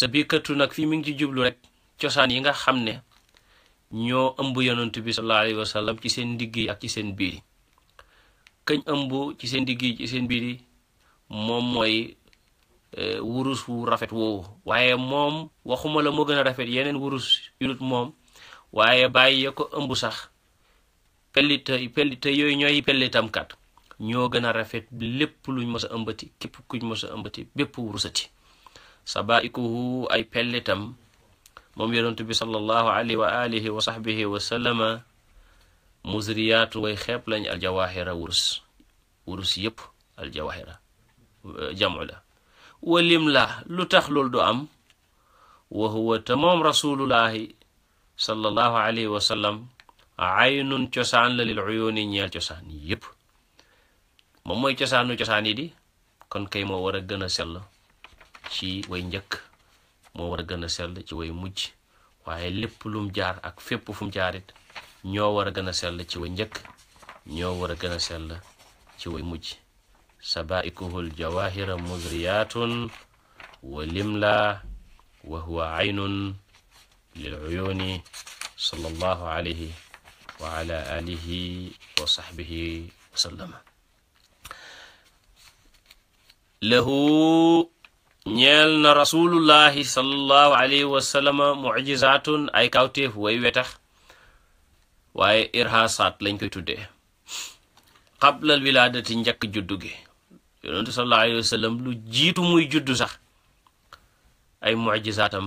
sa biir këttu nag fii mi ngi ci jublu rek cosaan yi nga xam ne ñoo ëmb yonent bi sallallahu alayhi wa sallam ci seen ndigg yi ak ci seen biir yi këñ ëmb ci seen ndigg yi ci seen biir yi moom mooy e, wurus wu rafet woowu waaye moom waxuma la moo gën a rafet yeneen wurus yu moom waaye bàyyi ya ko ëmb sax pellite pellite yooyu ñooy pellitamkat ñoo gën a rafet lépp luñ mës a ëmbati képp kuñ mës a ëmbati bépp wurusati sabaikuhu ay pellitam moom yonent bi sallallahu alayhi wa alihi wa sahbihi wa sallama way xeeb lañ aljawahira wurus wurus aljawahira jamu la walim la lu tax loolu du am wa huwa te moom rasulullahi sallallahu alayhi wa aynun cosaan la lil uyuuni ñeel cosaan yëpp moom mooy cosaanu cosaan yi di kon kay moo war a gën a sell ci woy njëkk moo war a gën a sell ci way mujj waaye lépp lum jaar ak fépp fu mu jaarit ñoo war a gën a sell ci way njëkk ñoo war a gën a sell ci way mujj sabaikuhul jawahira mudriyatun wa limla wa huwa aynun lil uyuni sallallahu alayhi wa ala alihi wa sahbihi ñeel na rasulullahi sallallahu alayhi wa sallama ay kawteef way wetax waaye irhaasaat lañ koy tudde xablal wilaadati njëkk juddu gi yonentu sallallahu lu jiitu muy juddu sax ay mujizaatam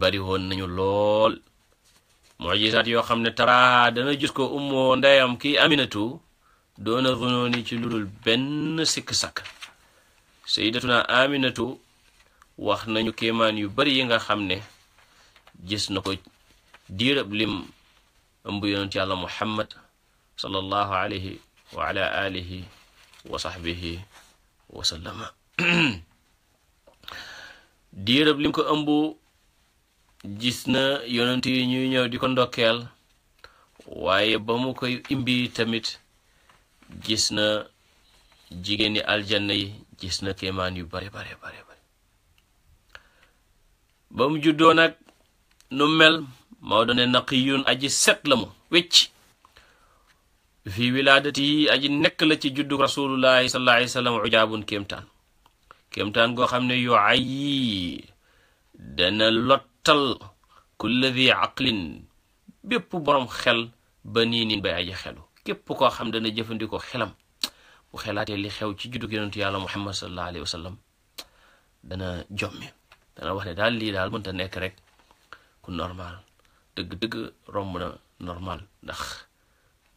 bari woon nañu lool mujizaat yoo xam ne taraa dana gis ko ummoo ki kii aminatu doona runooni ci ludul benn sikk-sakk sayyidatuna aminatu wax nañu kéemaan yu bari yi nga xam ne gis na ko diirab lim ëmb yonent yàlla muhammad sallallahu alayhi wa ala alihi wa sahbihi wa sallama diirab lim ko ëmb gis na yonent yi ñuy di ko ndokkeel waaye ba mu koy imbi tamit gis na jigéeni aljanna yi gis na yu bare bare bare bare ba juddoo nag nu mel Maodo ne naqiyun aji set la mu wecc fii wilaadati aji nekk la ci juddu rasulullahi sallallahu alayhi wa sallam ujaabun goo xam ne yo ayi dana lottal kulla di aqlin bépp boroom xel ba nii nin xelu képp koo xam dana jëfandikoo xelam bu xelaatee li xew ci juddug yonentu yàlla muhammad sallallahu alayhi wa sallam dana jommi dana wax ne daal lii daal ta nekk rek ku normal dëgg-dëgg romb na normal ndax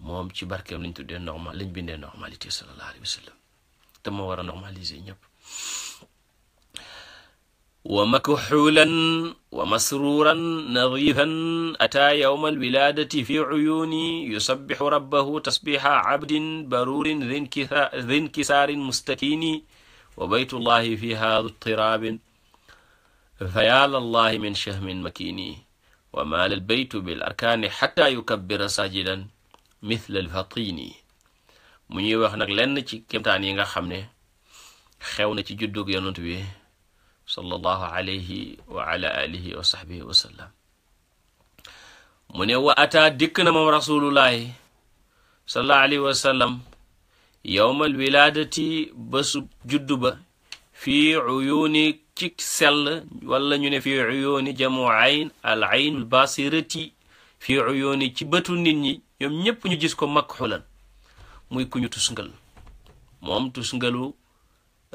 moom ci barkeem lañ tuddee normal lañ bindee normalité sallallahu alayhi wa sallam te moo war a normaliser ñëpp wa makxuulan wa masruuran nadiifan ataa yowma alwilaadati fi cuyuuni yusabbixu rabbahu tasbiixa cabdin baruurin dinkisaarin mustakiini wa baytullahi fiihaa dutiraabin fayaa lallahi min shahmin makiini wa maala albaytu bilarkaani xataa yukabbira saajidan mithla alfatiini mu ñuy wax nag lenn ci kémtaan yi nga xam ne xew na ci juddug yonent bi sallallahu alayhi wa ala wa sahbihi wa sallam mu ne wa ataa dikk na moom rasulullahi sallallahu alayhi wa sallam yowmal wilaadati bésub juddu ba fii uyuuni ci sell wala ñu ne fii uyuuni jamu ayn al ayn al basirati fii uyuuni ci bëtu nit ñi ñoom ñépp ñu gis ko makxulan muy ku ñu tusngal moom tusngalu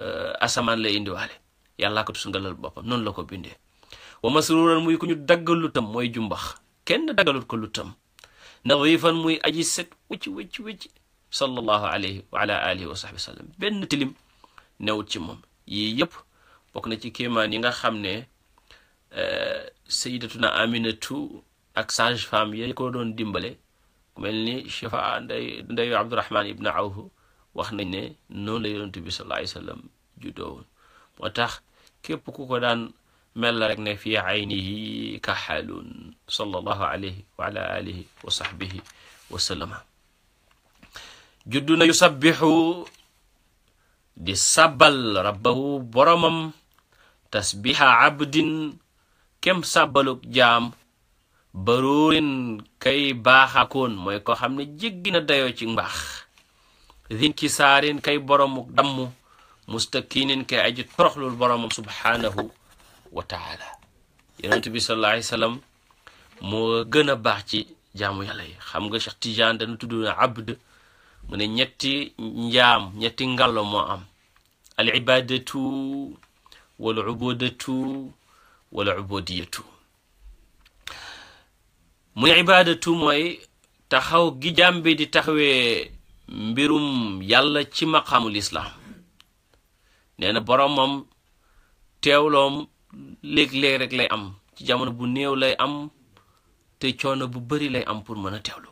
euh, asamaan lay indiwaale yàllaa ko tusungalal boppam noonu la ko bindee wa masruran muy ko ñu daggal lu tam jumbax kenn daggalut ko lu tam nadifan muy aji set wëcc wëcc wëcc sallallahu alayhi wa ala alihi wa sahbi sallam benn tilim newut ci moom yii yëpp bokk na ci kéemaan yi nga xam ne eh, sayyidatuna aminatu ak sage femme yi ko doon dimbale ku mel ni shifa nday ndeyu abdurahman ibn awf wax nañ ne noonu la yonent bi sallallahu alayhi juddoo moo tax képp ku ko daan mel rek ne fii aynihi kaxalun sallallahu alayhi wa ala alihi wa sahbihi wa sallama judduna yusabbihu di sabbal rabbahu boromam tasbiha abdin kem sàbbaluk jaam baruurin kay baaxakoon mooy koo xam ne jéggi na dayoo ci mbaax zinkisaarin kay boromuk dammu mustakinin kay aji toroxlul boromam subhaanahu wa taala yonent bi sallallahu wa sallam moo gën a baax ci jaamu yàlla yi xam nga Cheikh Tidiane dana tudd na abd mu ne ñetti njaam ñetti ngàllo moo am al ibadatu wal ubudatu wal ubudiyatu mu ibadatu mooy taxaw gi jaam di taxawee mbirum yàlla ci maqaamul islaam nee na boromam teewloom léeg-léeg rek lay am ci jamono bu néew lay am te coono bu bari lay am pour mën a teewlu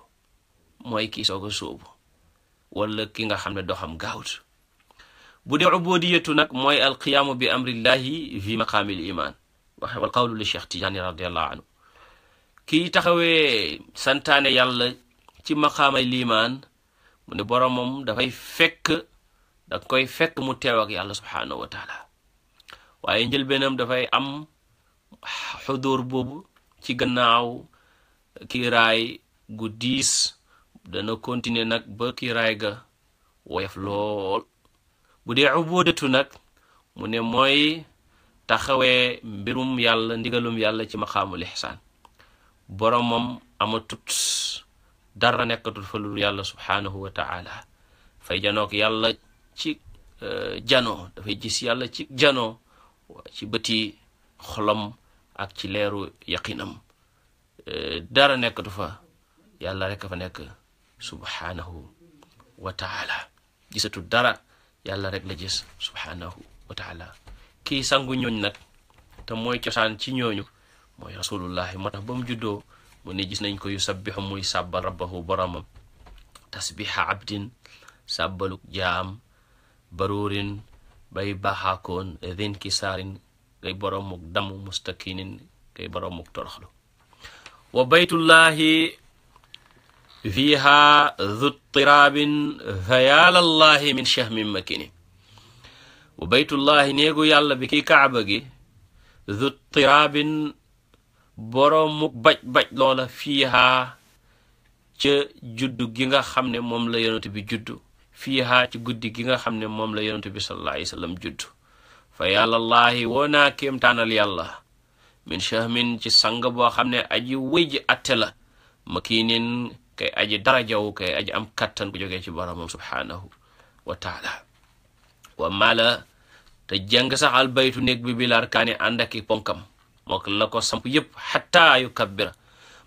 mooy kii soog a sóobu wala ki nga xam ne doxam gaawut bu dee ubudiyatu nag mooy alqiyaamu bi amrillahi fi maqaamil imaan waxe wal qawlu li cheikh radiallahu anhu kii taxawee santaane yàlla ci maqaamay liimaan mu ne boromam dafay fekk danga koy fekk mu teew ak yàlla subhaanahu wa taala waaye njëlbeenam dafay am xudur boobu ci gannaaw kiiraay gu diis dana continuer nag ba kiiraay ga woyof lool bu dee boodatu nag mu ne mooy taxawee mbirum yàlla ndigalum yàlla ci maqaamul ixsaan boromam amatut dara nekkatul fa lu yàlla subhaanahu wa fay janook yàlla ci euh, jano dafay gis yàlla ci jano ci bëti xolam ak ci leeru yaqinam euh, dara nekkatu fa yàlla rek fa nekk subhanahu wa taala gisatu dara yàlla rek la gis subhanahu wa taala kii sangu ñooñ nag te mooy cosaan ci ñooñu mooy rasulullahi moo tax ba mu juddoo mu ne gis nañ ko yu sabbixu muy sàbbal rabbahu boromam tasbiha abdin sàbbaluk jaam baruurin bay baxaakoon zinkisaarin ngay boroomuk damu mustakinin ngay boroomuk toroxlu wa baytullahi fiiha dhu tiraabin fayaalallahi min shahmin makini wa baytullahi néegu yàlla bi ki kaaba gi dhu tiraabin boroomuk baj-baj loola fiiha ca juddu gi nga xam ne moom la yonent bi juddu fiihaa ci guddi gi nga xam ne moom la yonent bi sallallahu alayhi wa fa yàllallaahi woo naa kéemtaanal yàlla min chahmin ci sang boo xam ne aji wéy ji atte la makiinin kay aji darajaw kay kattan ku jógee ci boromam subhaanahu wa taala wa mala te jàng sax albaytu néeg bi bi larkaani ànd ak i ponkam mook la ko samp yëpp xataa yu kabbira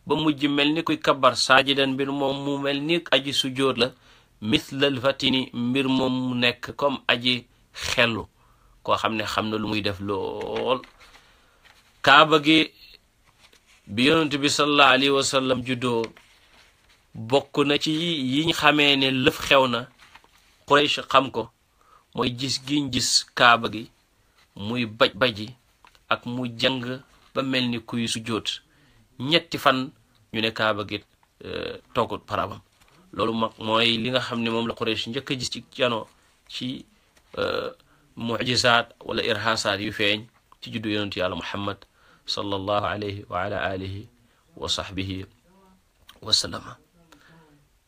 ba mujj mel ni kuy kabbar saajidan mbir moom mu mel ni aji sujjóot la mithlal fatini mbir moom mu nekk comme aji xellu koo xam ne xam na lu muy def lool kaaba gi bi yonent bi sallallahu alayhi wa bokk na ci yiñ xamee ne lëf xew na Quraysh xam ko mooy gis giñ gis kaaba gi muy baj baji ak mu jàng ba mel ni kuy sujjóot ñetti fan ñu ne kaaba gi euh, toogut parabam loolu mooy li nga xam ne moom la Quraysh njëkk a gis ci janoo ci euh, mujizaat wala irhaasaat yu feeñ ci juddu yonentu yàlla Muhammad sallallahu alayhi wa ala wa sahbihi wa sallama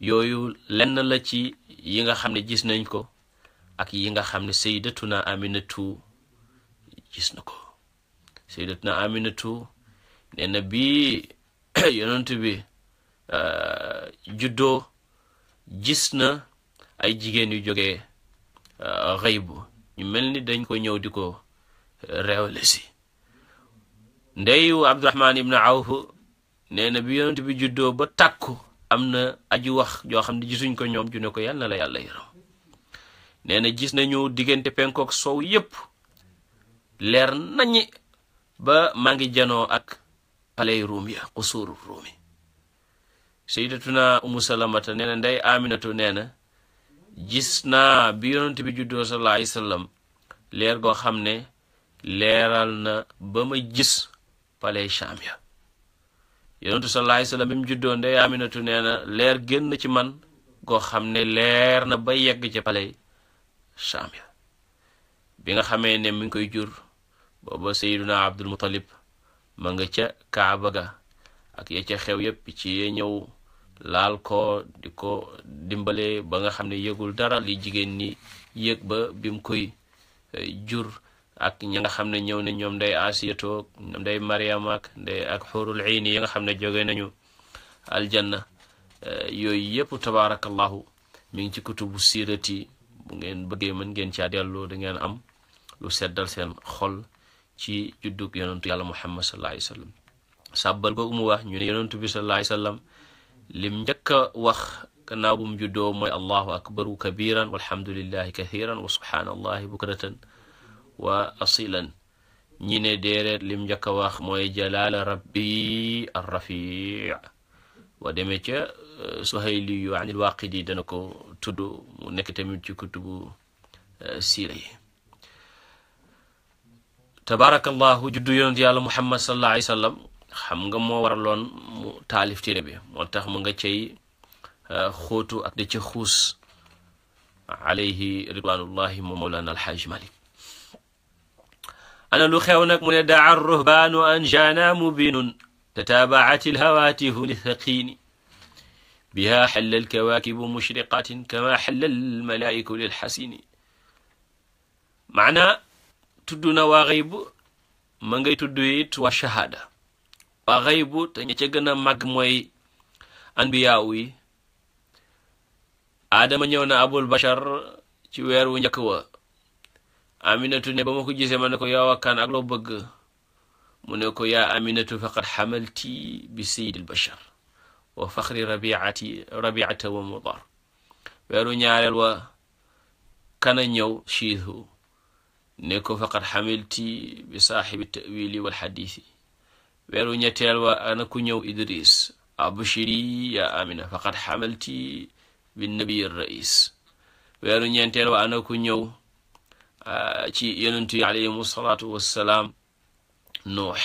yooyu lenn la ci yi nga xam ne gis nañ ko ak yi nga xam ne sayyidatuna Aminatu gis na ko sayyidatuna Aminatu nee na bii yonent bi euh, juddoo gis na ay jigéen yu jógee euh, bu ñu mel ni dañ ko ñëw di ko euh, réewle si ndeyu abdurahman ibn awf nee na bi yonent bi juddoo ba tàkku am na aju wax joo xam ne gisuñ ko ñoom ju ne ko yàlla na la yàlla yaram nee na gis nañu diggante penkook sow yépp leer nañi ba mangi janoo ak paley ruum ya xusuuru ruumi sayyidatuna umu salamata nee na aminatu nee na gis naa bi yonent bi juddoo sallallahu alayhi leer goo xam ne leeral na ba ma gis pale Sham ya yonentu sallallahu alayhi bi mu juddoo ndey aminatu nee na leer génn ci man goo xam ne leer na ba yegg ca palais Sham bi nga xamee ne mi ngi koy jur booba sayyiduna abdul muttalib ma nga ca kaaba ga ak ya ca xew yépp ci ye ñëw laal ko di ko dimbale ba nga xam ne yëgul dara li jigéen ni yëg ba bi koy eh, jur ak ñi nga xam ne ñëw na ñoom day asiyatoo day mariam ak day ak xurul ayni yi nga xam ne jóge nañu aljanna eh, yooyu yëpp tabaarakallahu mi ngi ci kutubu siirati bu ngeen bëggee mën ngeen ci dellu da ngeen am lu seddal seen xol ci juddug yonentu yàlla muhammad sallallahu alayhi wa sallam sàbbal bi sallallahu wa sallam lim njëkk a wax gannaaw bu mu juddoo mooy allahu akbaru kabiran walhamdulillahi kathiran wa subhanallahi bukratan wa asilan ñi ne déeréet lim njëkk a wax mooy jalaala rabbi arrafi wa demee ca euh, suhayli yu anil waaqidi dana ko tudd mu nekk tamit ci kutubu euh, siira yi tabaarakallahu juddu yonent yàlla muhammad sallallahu alayhi wa sallam xam nga moo waraloon taalif téere bi moo tax mu nga cay uh, xóotu ak da ca xuus alayhi ridwanullahi moom mawlana alxaaj malik ana lu xew nag mu ne daa ruhbaanu an jana mubinun tataabaat ilhawaatihu lithaqiini biha xalla alkawaakibu mushriqatin kama xalla almalaa'iku lilxasini maanaa tudd na waa xayb ma ngay tudd it waa shahaada waa xaybu te ña ca gën a màgg mooy anbiyaaw yi aadama ñëw na abul bashar ci weer wu njëkk wa aminatu ne ba ma ko gisee ma ne ko yow ak kan ak bëgg mu ne ko yaa aminatu faqad xamalti bi sayidil bashar wa faxri rabiata wa mudar weeru ñaareel wa kana ñëw shiithu ne ko faqad xamalti bi saaxibi tawili wal xadiisi weeru ñetteel wa ana ku ñëw idris abshiri ya amina faqad xamalti binnabiy rais weeru ñeenteel wa ana ku ñëw ci yonentu yi alayhim salaatu wassalaam nuux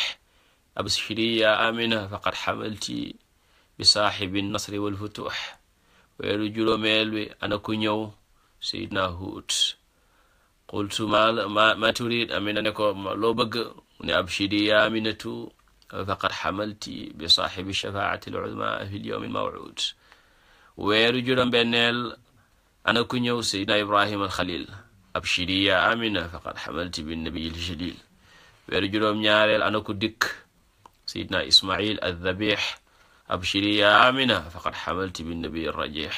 abshiri ya amina faqad xamalti bi saaxibi nasri walfutuux weeru juróomeel wi ana ku ñëw sayidna huut qultu ma ma turid amina ne ko loo bëgg ne abshiri ya aminatu faqad xamalti bi saaxibi shafaati aluzma fi lyowmi almawcuud weeru juróom-benneel ana ku ñëw seydina ibrahim alxalil abshiri ya amina faqad xamalti binnabiy aljalil weeru juróom-ñaareel ana ku dikk seydina ismail aldabix abshiri ya amina faqad xamalti binnabiy alrajix